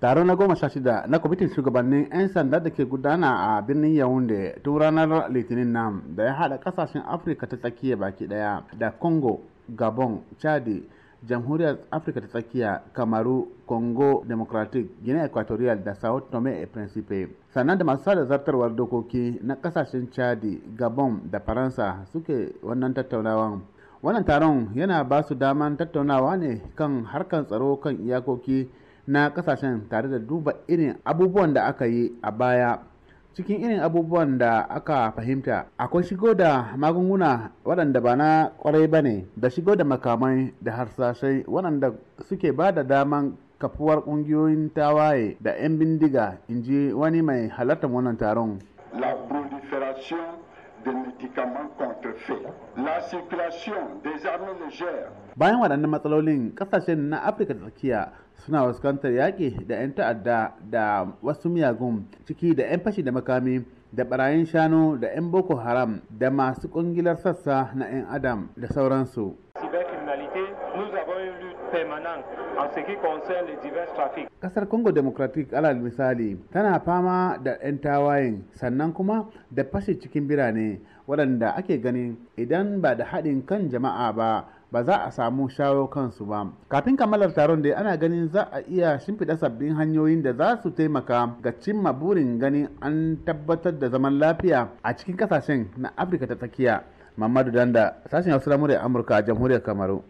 taro na goma sha shida na kwamitin shugabannin 'yan sanda da ke gudana a birnin yaounde tun ranar litinin nam da ya haɗa kasashen afirka ta tsakiya baki ɗaya da congo gabon chadi jamhuriyar afirka ta tsakiya kamaru congo democratic guinea equatorial da sao tome e principe sannan da masu sada zartarwar dokoki na ƙasashen chadi gabon da faransa suke wannan tattaunawan wannan taron yana ba su daman tattaunawa ne kan harkar tsaro kan iyakoki na kasashen tare da duba irin abubuwan da aka yi a baya cikin irin abubuwan da aka fahimta akwai shigo da magunguna waɗanda ba na kwarai ba ne da shigo da makamai da harsashai waɗanda suke ba da daman kafuwar ƙungiyoyin tawaye da 'yan bindiga in ji wani mai halartar wannan taron de médicaments contrefaits. La circulation des armes légères. Bayan waɗannan matsalolin ƙasashen na Afirka da tsakiya suna fuskantar yaƙi da 'yan ta'adda da wasu miyagun ciki da 'yan fashi da makami da barayin shanu da 'yan boko haram da masu ƙungilar sassa na 'yan adam da sauransu. criminalité, nous avons une lutte permanente en ce qui concerne les divers trafics. Kasar Congo Democratic alal misali tana fama da 'yan tawayen sannan kuma da fashe cikin birane waɗanda ake ganin idan ba da haɗin kan jama'a ba ba za a samu shawo kansu ba kafin kammalar taron dai ana ganin za a iya shimfiɗa sabbin hanyoyin da za su taimaka ga cimma burin ganin an tabbatar da zaman lafiya a cikin ƙasashen na afirka ta tsakiya mamadu danda sashen hausa da amurka a jamhuriyar kamaru